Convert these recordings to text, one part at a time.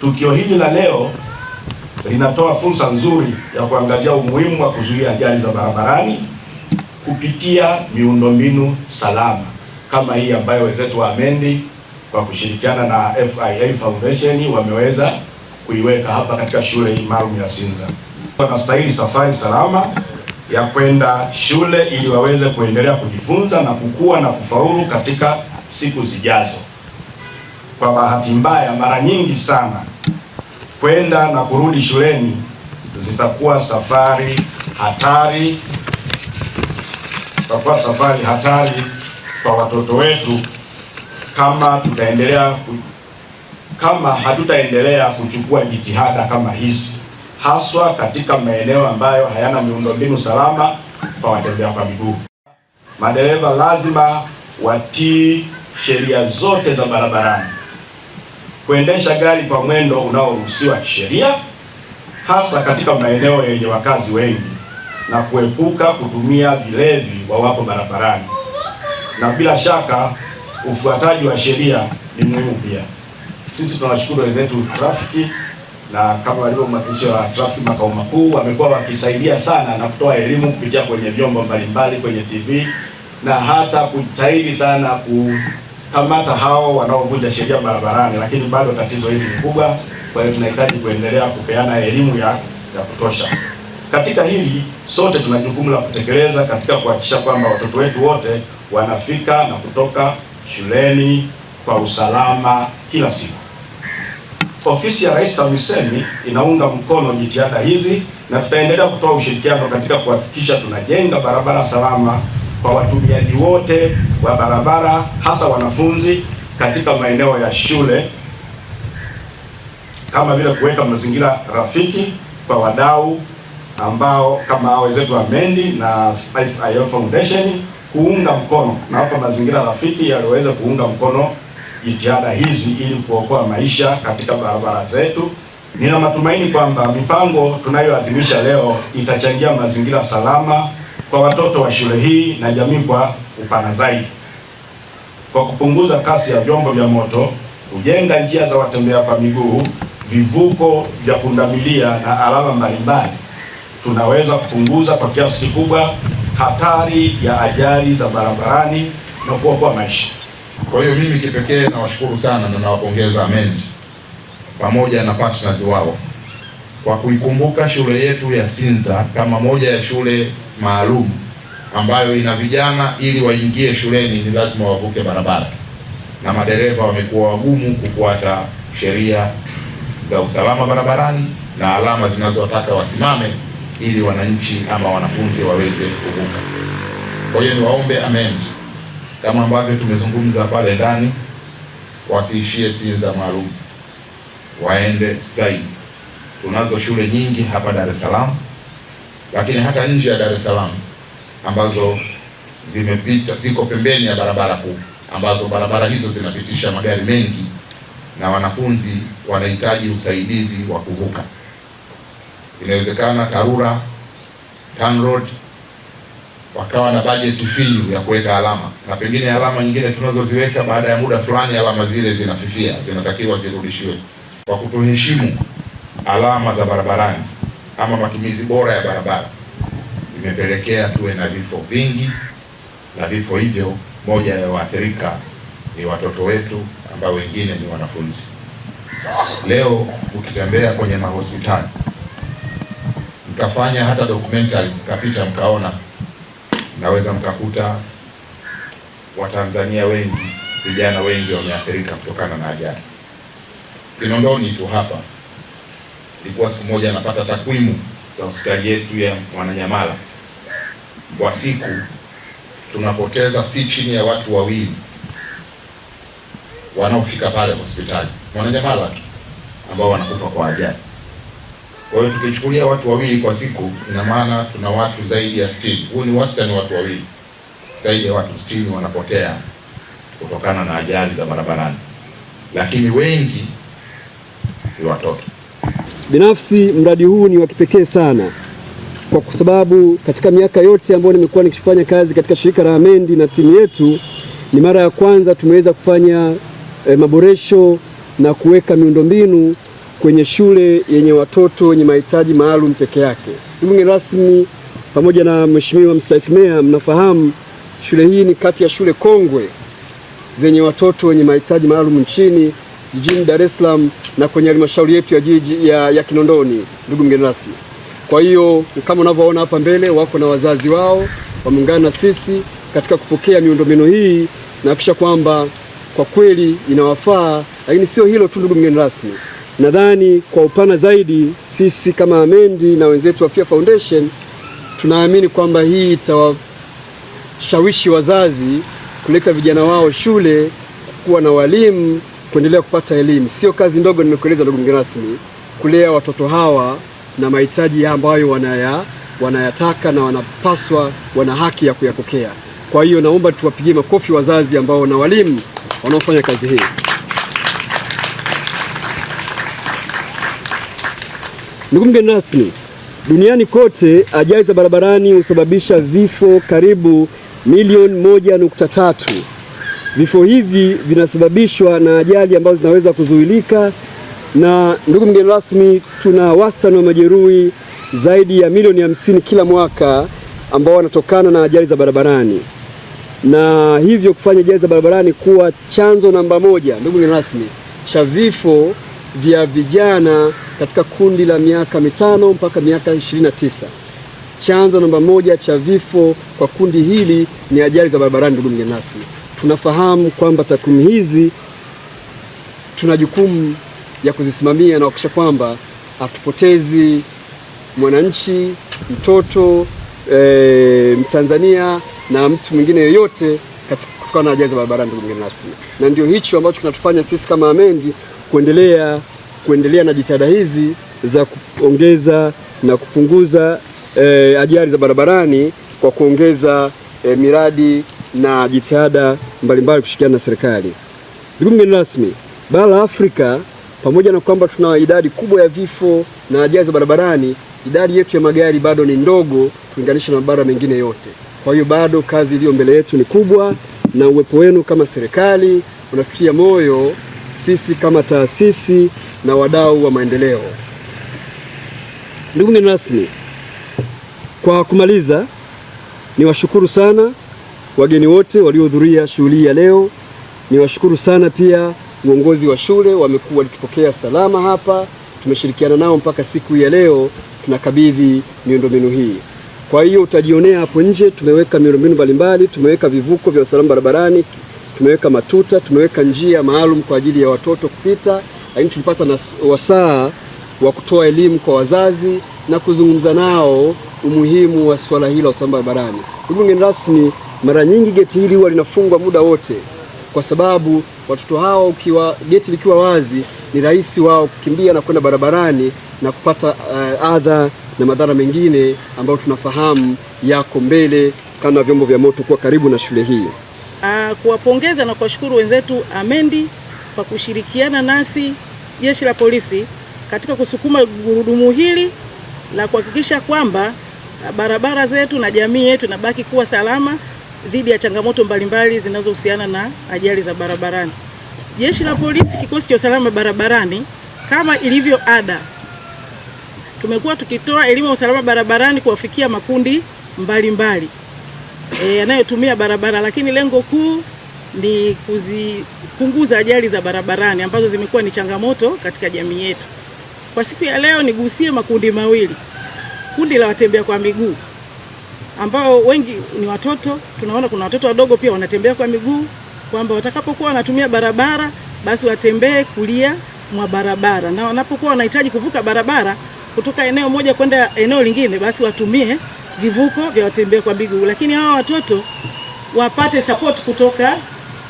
Tukio hili la leo linatoa fursa nzuri ya kuangazia umuhimu wa kuzuia ajali za barabarani kupitia miundombinu salama kama hii ambayo wenzetu wa Amendi kwa kushirikiana na FIA Foundation wameweza kuiweka hapa katika shule hii maalum ya Sinza. Wanastahili safari salama ya kwenda shule ili waweze kuendelea kujifunza na kukua na kufaulu katika siku zijazo kwa bahati mbaya mara nyingi sana kwenda na kurudi shuleni zitakuwa safari hatari, zitakuwa safari hatari kwa watoto wetu kama tutaendelea kama hatutaendelea kuchukua jitihada kama hizi, haswa katika maeneo ambayo hayana miundombinu salama kwa watembea kwa miguu. Madereva lazima watii sheria zote za barabarani kuendesha gari kwa mwendo unaoruhusiwa kisheria, hasa katika maeneo yenye wakazi wengi, na kuepuka kutumia vilevi wawapo barabarani. Na bila shaka ufuataji wa sheria ni muhimu pia. Sisi tunawashukuru wenzetu trafiki na kama walivyo mwakilishi wa trafiki makao makuu, wamekuwa wakisaidia sana na kutoa elimu kupitia kwenye vyombo mbalimbali, kwenye TV na hata kujitahidi sana ku kamata hao wanaovunja sheria barabarani, lakini bado tatizo hili ni kubwa. Kwa hiyo tunahitaji kuendelea kupeana elimu ya, ya kutosha katika hili. Sote tuna jukumu la kutekeleza katika kuhakikisha kwamba watoto wetu wote wanafika na kutoka shuleni kwa usalama kila siku. Ofisi ya Rais TAMISEMI inaunga mkono jitihada hizi na tutaendelea kutoa ushirikiano katika kuhakikisha tunajenga barabara salama kwa watumiaji wote wa barabara, hasa wanafunzi katika maeneo ya shule, kama vile kuweka mazingira rafiki kwa wadau ambao kama hao wenzetu wa Mendi na Life Foundation kuunga mkono na hapa mazingira rafiki yaliweza kuunga mkono jitihada hizi ili kuokoa maisha katika barabara zetu. Nina matumaini kwamba mipango tunayoadhimisha leo itachangia mazingira salama kwa watoto wa shule hii na jamii kwa upana zaidi, kwa kupunguza kasi ya vyombo vya moto, kujenga njia za watembea kwa miguu, vivuko vya pundamilia na alama mbalimbali, tunaweza kupunguza kwa kiasi kikubwa hatari ya ajali za barabarani na kuokoa maisha. Kwa hiyo mimi kipekee nawashukuru sana na nawapongeza AMEND pamoja na partners wao kwa kuikumbuka shule yetu ya Sinza kama moja ya shule maalum ambayo ina vijana ili waingie shuleni ni lazima wavuke barabara, na madereva wamekuwa wagumu kufuata sheria za usalama barabarani na alama zinazotaka wasimame ili wananchi ama wanafunzi waweze kuvuka. Kwa hiyo niwaombe amend, kama ambavyo tumezungumza pale ndani, wasiishie Sinza maalum, waende zaidi. Tunazo shule nyingi hapa Dar es Salaam lakini hata nje ya Dar es Salaam ambazo zimepita ziko pembeni ya barabara kuu, ambazo barabara hizo zinapitisha magari mengi na wanafunzi wanahitaji usaidizi wa kuvuka. Inawezekana TARURA TANROAD wakawa na bajeti finyu ya kuweka alama, na pengine alama nyingine tunazoziweka baada ya muda fulani alama zile zinafifia, zinatakiwa zirudishiwe. Kwa kutoheshimu alama za barabarani ama matumizi bora ya barabara imepelekea tuwe na vifo vingi, na vifo hivyo moja ya waathirika ni watoto wetu ambao wengine ni wanafunzi. Leo ukitembea kwenye mahospitali mkafanya hata documentary mkapita mkaona, naweza mkakuta Watanzania wengi, vijana wengi wameathirika kutokana na ajali. Kinondoni tu hapa ilikuwa siku moja anapata takwimu za hospitali yetu ya Mwananyamala, kwa siku tunapoteza si chini ya watu wawili wanaofika pale hospitali Mwananyamala tu ambao wanakufa kwa ajali. Kwa hiyo tukichukulia watu wawili kwa siku, ina maana tuna watu zaidi ya 60. Huu ni wastani, watu wawili, zaidi ya watu 60 wanapotea kutokana na ajali za barabarani, lakini wengi ni watoto. Binafsi mradi huu ni wa kipekee sana kwa sababu katika miaka yote ambayo nimekuwa nikifanya kazi katika shirika la Amendi na timu yetu, ni mara ya kwanza tumeweza kufanya e, maboresho na kuweka miundombinu kwenye shule yenye watoto wenye mahitaji maalum peke yake. Mgeni rasmi pamoja na Mheshimiwa Mstahiki Meya, mnafahamu shule hii ni kati ya shule kongwe zenye watoto wenye mahitaji maalum nchini jijini Dar es Salaam na kwenye halmashauri yetu ya jiji ya, ya Kinondoni, ndugu mgeni rasmi. Kwa hiyo kama unavyoona hapa mbele, wako na wazazi wao wameungana na sisi katika kupokea miundombinu hii na kisha kwamba kwa kweli inawafaa. Lakini sio hilo tu, ndugu mgeni rasmi, nadhani kwa upana zaidi, sisi kama Amendi na wenzetu wa Afya Foundation tunaamini kwamba hii itawashawishi wazazi kuleta vijana wao shule, kuwa na walimu kuendelea kupata elimu. Sio kazi ndogo, nimekueleza ndugu mgeni rasmi, kulea watoto hawa na mahitaji ambayo wanaya, wanayataka na wanapaswa, wana haki ya kuyapokea. Kwa hiyo naomba tuwapigie makofi wazazi ambao na walimu wanaofanya kazi hii. Ndugu mgeni rasmi, duniani kote ajali za barabarani husababisha vifo karibu milioni moja nukta tatu Vifo hivi vinasababishwa na ajali ambazo zinaweza kuzuilika, na ndugu mgeni rasmi, tuna wastani wa majeruhi zaidi ya milioni hamsini kila mwaka ambao wanatokana na ajali za barabarani, na hivyo kufanya ajali za barabarani kuwa chanzo namba moja, ndugu mgeni rasmi, cha vifo vya vijana katika kundi la miaka mitano mpaka miaka 29. Chanzo namba moja cha vifo kwa kundi hili ni ajali za barabarani, ndugu mgeni rasmi tunafahamu kwamba takwimu hizi tuna jukumu ya kuzisimamia na kuhakikisha kwamba hatupotezi mwananchi, mtoto e, Mtanzania na mtu mwingine yoyote kutokana na ajali za barabarani, ndugu mgeni rasmi. Na ndio hicho ambacho kinatufanya sisi kama Amendi kuendelea kuendelea na jitihada hizi za kuongeza na kupunguza e, ajali za barabarani kwa kuongeza e, miradi na jitihada mbalimbali kushirikiana na serikali. Ndugu mgeni rasmi, bara la Afrika pamoja na kwamba tuna idadi kubwa ya vifo na ajali za barabarani, idadi yetu ya magari bado ni ndogo kulinganisha na mabara mengine yote. Kwa hiyo bado kazi iliyo mbele yetu ni kubwa, na uwepo wenu kama serikali unatutia moyo sisi kama taasisi na wadau wa maendeleo. Ndugu mgeni rasmi, kwa kumaliza, niwashukuru sana wageni wote waliohudhuria shughuli ya leo. Niwashukuru sana pia uongozi wa shule, wamekuwa walitupokea salama hapa, tumeshirikiana nao mpaka siku ya leo tunakabidhi miundombinu hii. Kwa hiyo utajionea hapo nje tumeweka miundombinu mbalimbali, tumeweka vivuko vya usalama barabarani, tumeweka matuta, tumeweka njia maalum kwa ajili ya watoto kupita, lakini tulipata na wasaa wa kutoa elimu kwa wazazi na kuzungumza nao umuhimu wa swala hili la usalama barabarani. Ndugu mgeni rasmi mara nyingi geti hili huwa linafungwa muda wote, kwa sababu watoto hao, ukiwa geti likiwa wazi, ni rahisi wao kukimbia na kwenda barabarani na kupata uh, adha na madhara mengine ambayo tunafahamu yako mbele, kama vyombo vya moto kuwa karibu na shule hii. Uh, kuwapongeza na kuwashukuru wenzetu Amendi kwa kushirikiana nasi jeshi la polisi katika kusukuma gurudumu hili la kuhakikisha kwamba ah, barabara zetu na jamii yetu inabaki kuwa salama dhidi ya changamoto mbalimbali zinazohusiana na ajali za barabarani. Jeshi la Polisi, kikosi cha usalama barabarani, kama ilivyo ada, tumekuwa tukitoa elimu ya usalama barabarani kuwafikia makundi mbalimbali eh, yanayotumia e, barabara, lakini lengo kuu ni kuzipunguza ajali za barabarani ambazo zimekuwa ni changamoto katika jamii yetu. Kwa siku ya leo nigusie makundi mawili, kundi la watembea kwa miguu ambao wengi ni watoto. Tunaona kuna watoto wadogo pia wanatembea kwa miguu, kwamba watakapokuwa wanatumia barabara basi watembee kulia mwa barabara, na wanapokuwa wanahitaji kuvuka barabara kutoka eneo moja kwenda eneo lingine, basi watumie vivuko vya watembea kwa miguu, lakini hawa watoto wapate support kutoka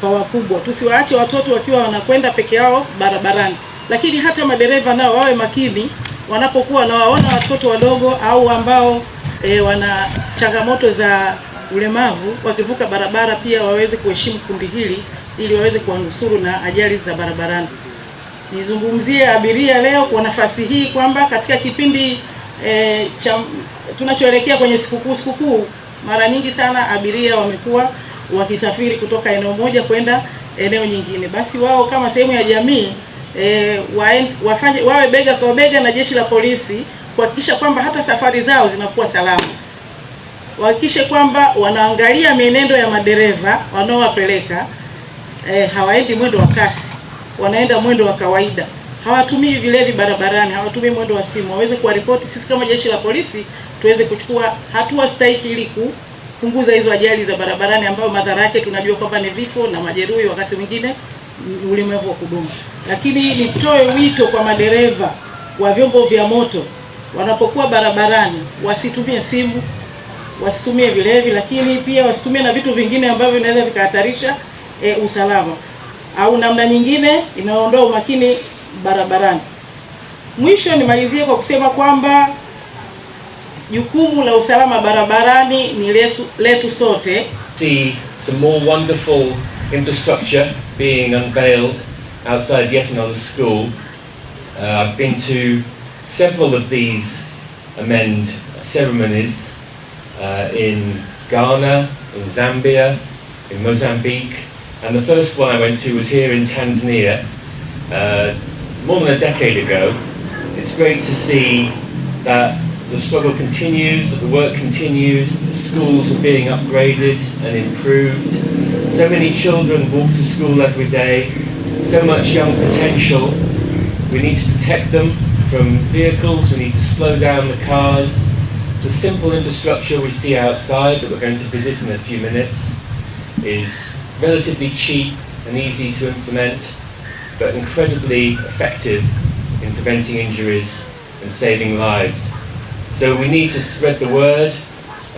kwa wakubwa. Tusiwaache watoto wakiwa wanakwenda peke yao barabarani, lakini hata madereva nao wawe makini wanapokuwa wanawaona watoto wadogo au ambao e, wana changamoto za ulemavu wakivuka barabara pia waweze kuheshimu kundi hili ili waweze kuwanusuru na ajali za barabarani. Nizungumzie abiria leo kwa nafasi hii kwamba katika kipindi e, cha tunachoelekea kwenye sikukuu sikukuu, mara nyingi sana abiria wamekuwa wakisafiri kutoka eneo moja kwenda eneo nyingine, basi wao kama sehemu ya jamii e, wa, wafanye wawe bega kwa bega na jeshi la polisi kuhakikisha kwamba hata safari zao zinakuwa salama, wahakikishe kwamba wanaangalia mienendo ya madereva wanaowapeleka. E, hawaendi mwendo wa kasi, wanaenda mwendo wa kawaida, hawatumii vilevi barabarani, hawatumii mwendo wa simu, waweze kuwaripoti sisi kama jeshi la polisi tuweze kuchukua hatua stahiki ili kupunguza hizo ajali za barabarani ambayo madhara yake tunajua kwamba ni vifo na majeruhi, wakati mwingine ulemavu wa kudumu. Lakini nitoe wito kwa madereva wa vyombo vya moto wanapokuwa barabarani wasitumie simu, wasitumie vilevi, lakini pia wasitumie na vitu vingine ambavyo vinaweza vikahatarisha e, usalama au namna nyingine inaondoa umakini barabarani. Mwisho nimalizie kwa kusema kwamba jukumu la usalama barabarani ni letu, letu sote. See some more wonderful infrastructure being unveiled outside yet another school. Uh, I've been to several of these amend ceremonies uh, in Ghana, in Zambia, in Mozambique, and the first one I went to was here in Tanzania uh, more than a decade ago. It's great to see that the struggle continues, that the work continues, that schools are being upgraded and improved. So many children walk to school every day, so much young potential. We need to protect them from vehicles, we need to slow down the cars, the simple infrastructure we see outside that we're going to visit in a few minutes is relatively cheap and easy to implement, but incredibly effective in preventing injuries and saving lives. So we need to spread the word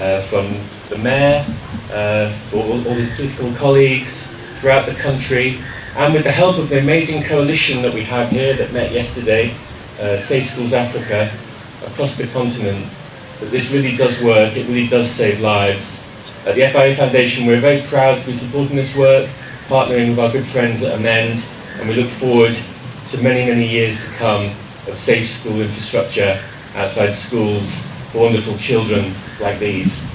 uh, from the mayor, uh, all, all his political colleagues throughout the country, and with the help of the amazing coalition that we have here that met yesterday, uh, Safe Schools Africa across the continent that this really does work, it really does save lives. At the FIA Foundation, we're very proud to be supporting this work, partnering with our good friends at Amend, and we look forward to many, many years to come of safe school infrastructure outside schools for wonderful children like these.